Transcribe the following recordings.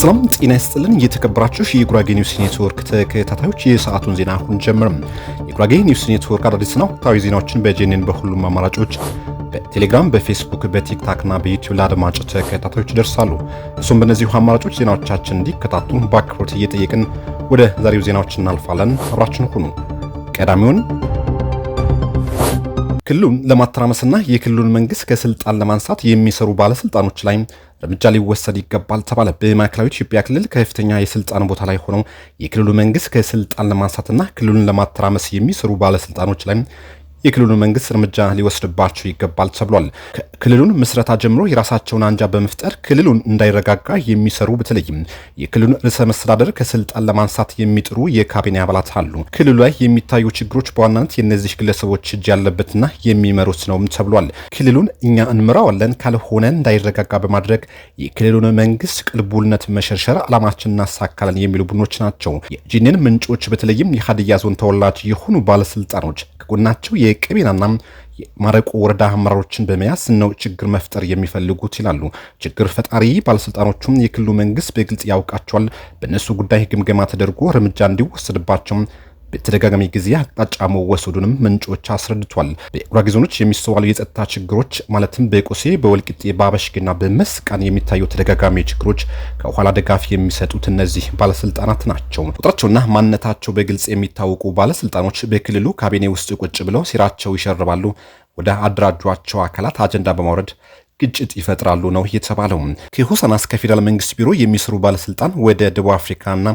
ሰላም ጤና ይስጥልን። እየተከበራችሁ የጉራጌ ኒውስ ኔትወርክ ተከታታዮች የሰዓቱን ዜና አሁን ጀምርም። የጉራጌ ኒውስ ኔትወርክ አዳዲስና ወቅታዊ ዜናዎችን በጄኔን በሁሉም አማራጮች በቴሌግራም፣ በፌስቡክ፣ እና በዩቲዩብ ለአድማጭ ተከታታዮች ይደርሳሉ። እሱም በእነዚሁ አማራጮች ዜናዎቻችን እንዲከታቱ በአክብሮት እየጠየቅን ወደ ዛሬው ዜናዎች እናልፋለን። አብራችን ሁኑ። ቀዳሚውን ክልሉን ለማተራመስና የክልሉን መንግስት ከስልጣን ለማንሳት የሚሰሩ ባለስልጣኖች ላይ እርምጃ ሊወሰድ ይገባል ተባለ። በማዕከላዊ ኢትዮጵያ ክልል ከፍተኛ የስልጣን ቦታ ላይ ሆነው የክልሉ መንግስት ከስልጣን ለማንሳትና ክልሉን ለማተራመስ የሚሰሩ ባለስልጣኖች ላይ የክልሉ መንግስት እርምጃ ሊወስድባቸው ይገባል ተብሏል። ክልሉን ምስረታ ጀምሮ የራሳቸውን አንጃ በመፍጠር ክልሉን እንዳይረጋጋ የሚሰሩ በተለይም የክልሉን ርዕሰ መስተዳደር ከስልጣን ለማንሳት የሚጥሩ የካቢኔ አባላት አሉ። ክልሉ ላይ የሚታዩ ችግሮች በዋናነት የእነዚህ ግለሰቦች እጅ ያለበትና የሚመሩት ነውም ተብሏል። ክልሉን እኛ እንምራዋለን ካልሆነ እንዳይረጋጋ በማድረግ የክልሉን መንግስት ቅልቡልነት መሸርሸር አላማችን እናሳካለን የሚሉ ቡድኖች ናቸው። የጂኔን ምንጮች በተለይም የሀዲያ ዞን ተወላጅ የሆኑ ባለስልጣኖች ከጎናቸው የቅቤናና ማረቆ ወረዳ አመራሮችን በመያዝ ነው ችግር መፍጠር የሚፈልጉት ይላሉ ችግር ፈጣሪ ባለስልጣኖቹም የክልሉ መንግስት በግልጽ ያውቃቸዋል። በእነሱ ጉዳይ ግምገማ ተደርጎ እርምጃ እንዲወሰድባቸው በተደጋጋሚ ጊዜ አቅጣጫ መወሰዱንም ምንጮች አስረድቷል። በጉራጌ ዞኖች የሚስተዋሉ የጸጥታ ችግሮች ማለትም በቆሴ፣ በወልቂጤ፣ በአበሽጌና በመስቃን የሚታዩ ተደጋጋሚ ችግሮች ከኋላ ድጋፍ የሚሰጡት እነዚህ ባለስልጣናት ናቸው። ቁጥራቸውና ማንነታቸው በግልጽ የሚታወቁ ባለስልጣኖች በክልሉ ካቢኔ ውስጥ ቁጭ ብለው ሴራቸው ይሸርባሉ፣ ወደ አደራጇቸው አካላት አጀንዳ በማውረድ ግጭት ይፈጥራሉ ነው የተባለው። ከሆሳና እስከ ፌዴራል መንግስት ቢሮ የሚሰሩ ባለስልጣን ወደ ደቡብ አፍሪካና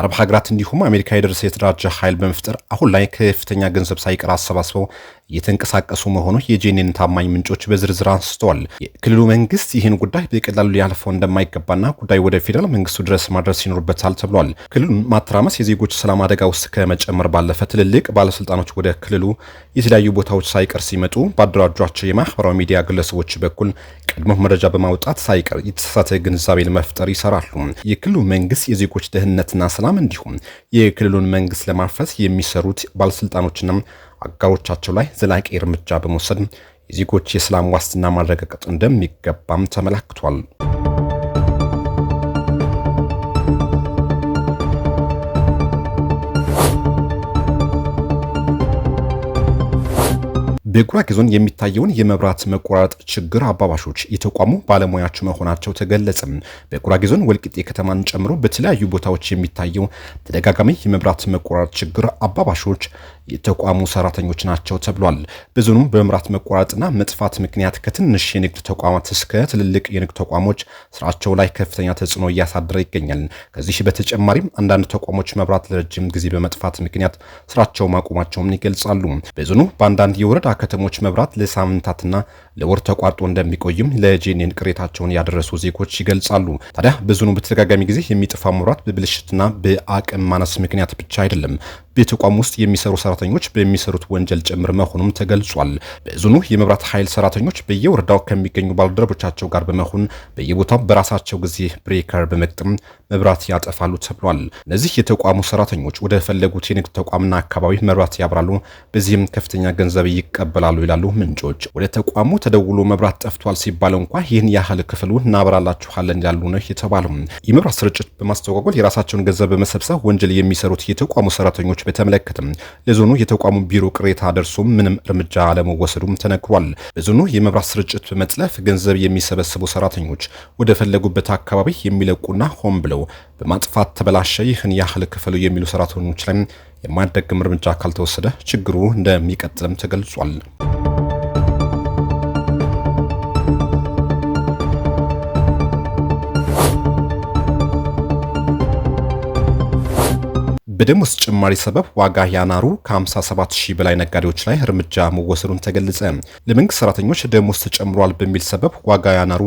አረብ ሀገራት እንዲሁም አሜሪካ የደረሰ የተደራጀ ኃይል በመፍጠር አሁን ላይ ከፍተኛ ገንዘብ ሳይቀር አሰባስበው እየተንቀሳቀሱ መሆኑ የጄኔን ታማኝ ምንጮች በዝርዝር አንስተዋል። የክልሉ መንግስት ይህን ጉዳይ በቀላሉ ሊያልፈው እንደማይገባና ጉዳይ ወደ ፌዴራል መንግስቱ ድረስ ማድረስ ይኖርበታል ተብሏል። ክልሉን ማተራመስ የዜጎች ሰላም አደጋ ውስጥ ከመጨመር ባለፈ ትልልቅ ባለስልጣኖች ወደ ክልሉ የተለያዩ ቦታዎች ሳይቀር ሲመጡ ባደራጇቸው የማህበራዊ ሚዲያ ግለሰቦች በኩል ቀድሞ መረጃ በማውጣት ሳይቀር የተሳሳተ ግንዛቤ ለመፍጠር ይሰራሉ። የክልሉ መንግስት የዜጎች ደህንነትና ሰላም እንዲሁም የክልሉን መንግስት ለማፍረስ የሚሰሩት ባለስልጣኖችንም አጋሮቻቸው ላይ ዘላቂ እርምጃ በመውሰድ የዜጎች የሰላም ዋስትና ማረጋገጥ እንደሚገባም ተመላክቷል። በጉራጌ ዞን የሚታየውን የመብራት መቆራረጥ ችግር አባባሾች የተቋሙ ባለሙያዎች መሆናቸው ተገለጸ። በጉራጌ ዞን ወልቂጤ ከተማን ጨምሮ በተለያዩ ቦታዎች የሚታየው ተደጋጋሚ የመብራት መቆራረጥ ችግር አባባሾች የተቋሙ ሰራተኞች ናቸው ተብሏል። ብዙንም በመምራት መቋረጥና መጥፋት ምክንያት ከትንሽ የንግድ ተቋማት እስከ ትልልቅ የንግድ ተቋሞች ስራቸው ላይ ከፍተኛ ተጽዕኖ እያሳደረ ይገኛል። ከዚህ በተጨማሪም አንዳንድ ተቋሞች መብራት ለረጅም ጊዜ በመጥፋት ምክንያት ስራቸው ማቆማቸውም ይገልጻሉ። ብዙኑ በአንዳንድ የወረዳ ከተሞች መብራት ለሳምንታትና ለወር ተቋርጦ እንደሚቆይም ለጄኔን ቅሬታቸውን ያደረሱ ዜጎች ይገልጻሉ። ታዲያ ብዙኑ በተደጋጋሚ ጊዜ የሚጠፋ መብራት በብልሽትና በአቅም ማነስ ምክንያት ብቻ አይደለም። በተቋም ውስጥ የሚሰሩ ሰራተኞች በሚሰሩት ወንጀል ጭምር መሆኑም ተገልጿል። በዞኑ የመብራት ኃይል ሰራተኞች በየወረዳው ከሚገኙ ባልደረቦቻቸው ጋር በመሆን በየቦታው በራሳቸው ጊዜ ብሬከር በመግጠም መብራት ያጠፋሉ ተብሏል። እነዚህ የተቋሙ ሰራተኞች ወደ ፈለጉት የንግድ ተቋምና አካባቢ መብራት ያብራሉ፣ በዚህም ከፍተኛ ገንዘብ ይቀበላሉ ይላሉ ምንጮች። ወደ ተቋሙ ተደውሎ መብራት ጠፍቷል ሲባል እንኳ ይህን ያህል ክፍሉ እናበራላችኋለን ያሉ ነው የተባሉ የመብራት ስርጭት በማስተጓጎል የራሳቸውን ገንዘብ በመሰብሰብ ወንጀል የሚሰሩት የተቋሙ ሰራተኞች በተመለከተም ለዞኑ የተቋሙ ቢሮ ቅሬታ ደርሶ ምንም እርምጃ አለመወሰዱም ተነግሯል። በዞኑ የመብራት ስርጭት በመጥለፍ ገንዘብ የሚሰበስቡ ሰራተኞች ወደ ፈለጉበት አካባቢ የሚለቁና ሆን ብለው በማጥፋት ተበላሸ፣ ይህን ያህል ክፈሉ የሚሉ ሰራተኞች ላይ የማያዳግም እርምጃ ካልተወሰደ ችግሩ እንደሚቀጥልም ተገልጿል። በደሞዝ ጭማሪ ሰበብ ዋጋ ያናሩ ከ57000 በላይ ነጋዴዎች ላይ እርምጃ መወሰዱን ተገለጸ። ለመንግስት ሰራተኞች ደሞዝ ተጨምሯል በሚል ሰበብ ዋጋ ያናሩ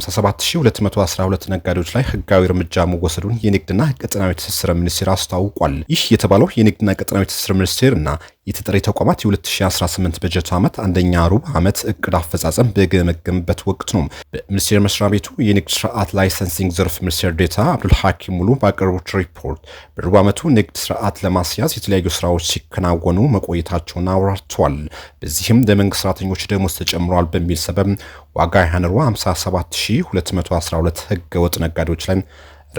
57212 ነጋዴዎች ላይ ህጋዊ እርምጃ መወሰዱን የንግድና ቀጠናዊ ትስስር ሚኒስቴር አስታውቋል። ይህ የተባለው የንግድና ቀጠናዊ ትስስር ሚኒስቴር እና የተጠሪ ተቋማት የ2018 በጀት ዓመት አንደኛ ሩብ ዓመት እቅድ አፈጻጸም በገመገምበት ወቅት ነው። በሚኒስቴር መስሪያ ቤቱ የንግድ ስርዓት ላይሰንሲንግ ዘርፍ ሚኒስቴር ዴታ አብዱልሐኪም ሙሉ ባቀረቡት ሪፖርት በሩብ ዓመቱ ንግድ ስርዓት ለማስያዝ የተለያዩ ስራዎች ሲከናወኑ መቆየታቸውን አውራርተዋል። በዚህም ለመንግስት ሰራተኞች ደሞዝ ተጨምሯል በሚል ሰበብ ዋጋ ያንሯ 57212 ህገወጥ ነጋዴዎች ላይ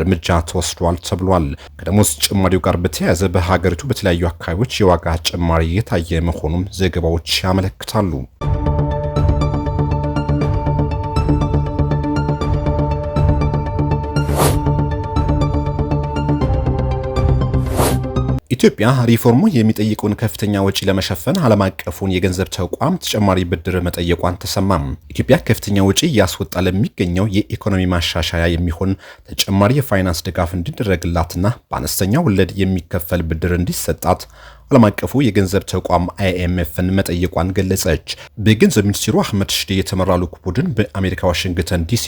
እርምጃ ተወስዷል ተብሏል። ከደሞዝ ጭማሪው ጋር በተያያዘ በሀገሪቱ በተለያዩ አካባቢዎች የዋጋ ጭማሪ እየታየ መሆኑም ዘገባዎች ያመለክታሉ። ኢትዮጵያ ሪፎርሙ የሚጠይቀውን ከፍተኛ ወጪ ለመሸፈን ዓለም አቀፉን የገንዘብ ተቋም ተጨማሪ ብድር መጠየቋን ተሰማም። ኢትዮጵያ ከፍተኛ ወጪ እያስወጣ ለሚገኘው የኢኮኖሚ ማሻሻያ የሚሆን ተጨማሪ የፋይናንስ ድጋፍ እንዲደረግላትና በአነስተኛ ወለድ የሚከፈል ብድር እንዲሰጣት ዓለም አቀፉ የገንዘብ ተቋም አይኤምኤፍን መጠየቋን ገለጸች። በገንዘብ ሚኒስትሩ አህመድ ሽዴ የተመራ ልዑክ ቡድን በአሜሪካ ዋሽንግተን ዲሲ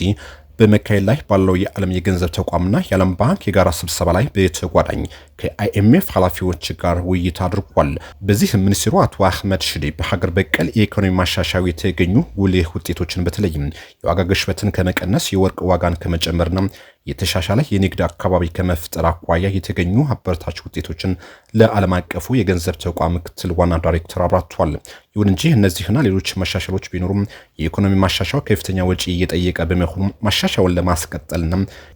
በመካሄድ ላይ ባለው የዓለም የገንዘብ ተቋምና የዓለም ባንክ የጋራ ስብሰባ ላይ በተጓዳኝ ከአይኤምኤፍ ኃላፊዎች ጋር ውይይት አድርጓል። በዚህ ሚኒስትሩ አቶ አህመድ ሽዴ በሀገር በቀል የኢኮኖሚ ማሻሻያው የተገኙ ጉልህ ውጤቶችን በተለይም የዋጋ ግሽበትን ከመቀነስ የወርቅ ዋጋን ከመጨመርና የተሻሻለ የንግድ አካባቢ ከመፍጠር አኳያ የተገኙ አበረታች ውጤቶችን ለዓለም አቀፉ የገንዘብ ተቋም ምክትል ዋና ዳይሬክተር አብራቷል ይሁን እንጂ እነዚህና ሌሎች መሻሻሎች ቢኖሩም የኢኮኖሚ ማሻሻው ከፍተኛ ወጪ እየጠየቀ በመሆኑ ማሻሻውን ለማስቀጠልና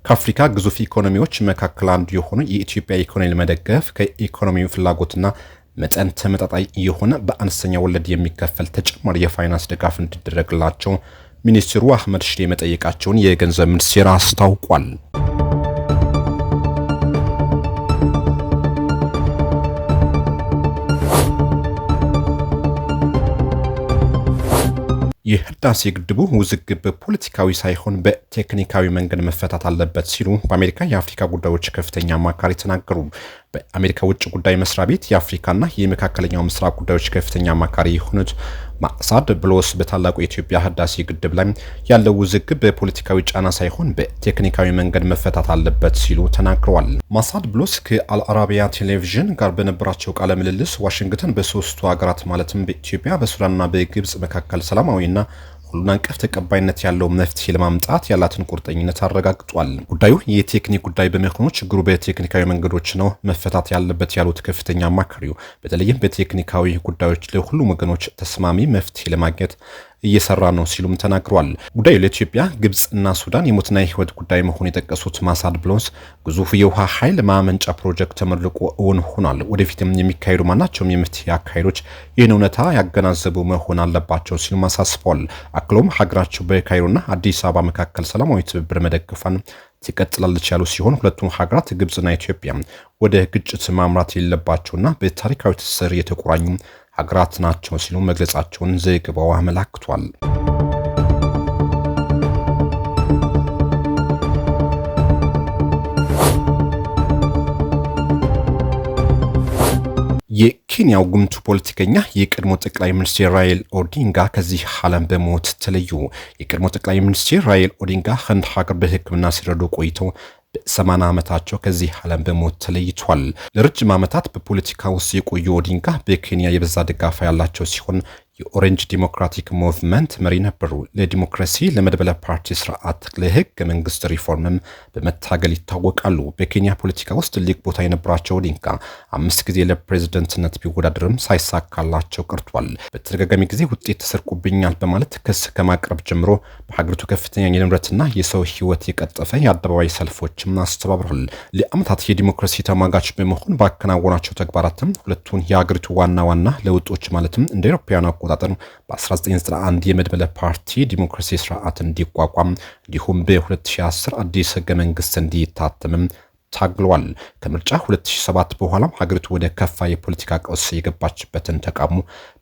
ከአፍሪካ ግዙፍ ኢኮኖሚዎች መካከል አንዱ የሆነ የኢትዮጵያ ኢኮኖሚ ለመደገፍ ከኢኮኖሚ ፍላጎትና መጠን ተመጣጣኝ የሆነ በአነስተኛ ወለድ የሚከፈል ተጨማሪ የፋይናንስ ድጋፍ እንዲደረግላቸው ሚኒስትሩ አህመድ ሽዴ መጠየቃቸውን የገንዘብ ሚኒስቴር አስታውቋል። የህዳሴ ግድቡ ውዝግብ በፖለቲካዊ ሳይሆን በቴክኒካዊ መንገድ መፈታት አለበት ሲሉ በአሜሪካ የአፍሪካ ጉዳዮች ከፍተኛ አማካሪ ተናገሩ። በአሜሪካ ውጭ ጉዳይ መስሪያ ቤት የአፍሪካና የመካከለኛው ምስራቅ ጉዳዮች ከፍተኛ አማካሪ የሆኑት ማሳድ ብሎስ በታላቁ የኢትዮጵያ ህዳሴ ግድብ ላይ ያለው ውዝግብ በፖለቲካዊ ጫና ሳይሆን በቴክኒካዊ መንገድ መፈታት አለበት ሲሉ ተናግረዋል። ማሳድ ብሎስ ከአልአራቢያ ቴሌቪዥን ጋር በነበራቸው ቃለ ምልልስ ዋሽንግተን በሶስቱ ሀገራት ማለትም በኢትዮጵያ፣ በሱዳንና በግብጽ መካከል ሰላማዊና ሁሉን አቀፍ ተቀባይነት ያለው መፍትሄ ለማምጣት ያላትን ቁርጠኝነት አረጋግጧል። ጉዳዩ የቴክኒክ ጉዳይ በመሆኑ ችግሩ በቴክኒካዊ መንገዶች ነው መፈታት ያለበት ያሉት ከፍተኛ አማካሪው በተለይም በቴክኒካዊ ጉዳዮች ለሁሉም ወገኖች ተስማሚ መፍትሄ ለማግኘት እየሰራ ነው ሲሉም ተናግረዋል። ጉዳዩ ለኢትዮጵያ፣ ግብጽ እና ሱዳን የሞትና የህይወት ጉዳይ መሆኑን የጠቀሱት ማሳድ ብሎንስ ግዙፍ የውሃ ኃይል ማመንጫ ፕሮጀክት ተመርቆ እውን ሆኗል። ወደፊትም የሚካሄዱ ማናቸውም የመፍትሄ አካሄዶች ይህን እውነታ ያገናዘቡ መሆን አለባቸው ሲሉም አሳስበዋል። አክሎም ሀገራቸው በካይሮና አዲስ አበባ መካከል ሰላማዊ ትብብር መደግፋን ትቀጥላለች ያሉ ሲሆን ሁለቱም ሀገራት ግብፅና ኢትዮጵያ ወደ ግጭት ማምራት የሌለባቸውና በታሪካዊ ትስስር የተቆራኙ ሀገራት ናቸው ሲሉ መግለጻቸውን ዘገባው አመላክቷል። የኬንያው ጉምቱ ፖለቲከኛ የቀድሞ ጠቅላይ ሚኒስትር ራይል ኦዲንጋ ከዚህ ዓለም በሞት ተለዩ። የቀድሞ ጠቅላይ ሚኒስትር ራይል ኦዲንጋ ህንድ ሀገር በሕክምና ሲረዱ ቆይተው በሰማንያ ዓመታቸው ከዚህ ዓለም በሞት ተለይቷል። ለረጅም ዓመታት በፖለቲካ ውስጥ የቆዩ ኦዲንጋ በኬንያ የበዛ ድጋፍ ያላቸው ሲሆን የኦሬንጅ ዲሞክራቲክ ሙቭመንት መሪ ነበሩ። ለዲሞክራሲ ለመድበለ ፓርቲ ስርዓት፣ ለህገ መንግስት ሪፎርምም በመታገል ይታወቃሉ። በኬንያ ፖለቲካ ውስጥ ትልቅ ቦታ የነበራቸው ዲንካ አምስት ጊዜ ለፕሬዝደንትነት ቢወዳደርም ሳይሳካላቸው ቀርቷል። በተደጋጋሚ ጊዜ ውጤት ተሰርቆብኛል በማለት ክስ ከማቅረብ ጀምሮ በሀገሪቱ ከፍተኛ የንብረትና የሰው ህይወት የቀጠፈ የአደባባይ ሰልፎችም አስተባብሯል። ለአመታት የዲሞክራሲ ተሟጋች በመሆን ባከናወናቸው ተግባራትም ሁለቱን የሀገሪቱ ዋና ዋና ለውጦች ማለትም እንደ አውሮፓውያኑ አቆጣጠር በ1991 የመድበለ ፓርቲ ዲሞክራሲ ስርዓት እንዲቋቋም እንዲሁም በ2010 አዲስ ህገ መንግስት እንዲታተምም ታግሏል። ከምርጫ 2007 በኋላም ሀገሪቱ ወደ ከፋ የፖለቲካ ቀውስ የገባችበትን ተቃውሞ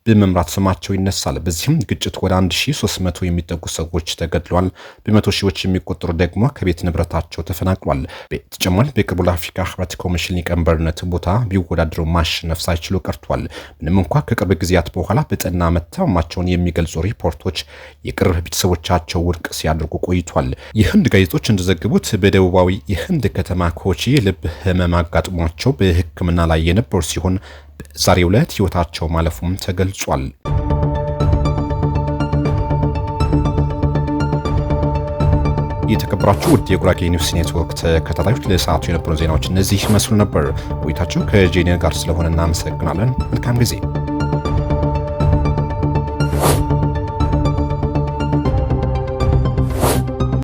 በመምራት ስማቸው ይነሳል። በዚህም ግጭት ወደ 1300 የሚጠጉ ሰዎች ተገድለዋል። በመቶ ሺዎች የሚቆጠሩ ደግሞ ከቤት ንብረታቸው ተፈናቅሏል። በተጨማሪ በቅርቡ ለአፍሪካ ሕብረት ኮሚሽን ሊቀመንበርነት ቦታ ቢወዳደሩ ማሸነፍ ሳይችሉ ቀርቷል። ምንም እንኳ ከቅርብ ጊዜያት በኋላ በጠና መታመማቸውን የሚገልጹ ሪፖርቶች የቅርብ ቤተሰቦቻቸው ውድቅ ሲያደርጉ ቆይቷል። የህንድ ጋዜጦች እንደዘገቡት በደቡባዊ የህንድ ከተማ ኮች ሰዎች የልብ ህመም አጋጥሟቸው በህክምና ላይ የነበሩ ሲሆን በዛሬው ዕለት ህይወታቸው ማለፉም ተገልጿል። የተከበራችሁ ውድ የጉራጌ ኒውስ ኔትወርክ ተከታታዮች ለሰዓቱ የነበሩ ዜናዎች እነዚህ መስሉ ነበር። ቆይታችሁ ከጄኔ ጋር ስለሆነ እናመሰግናለን። መልካም ጊዜ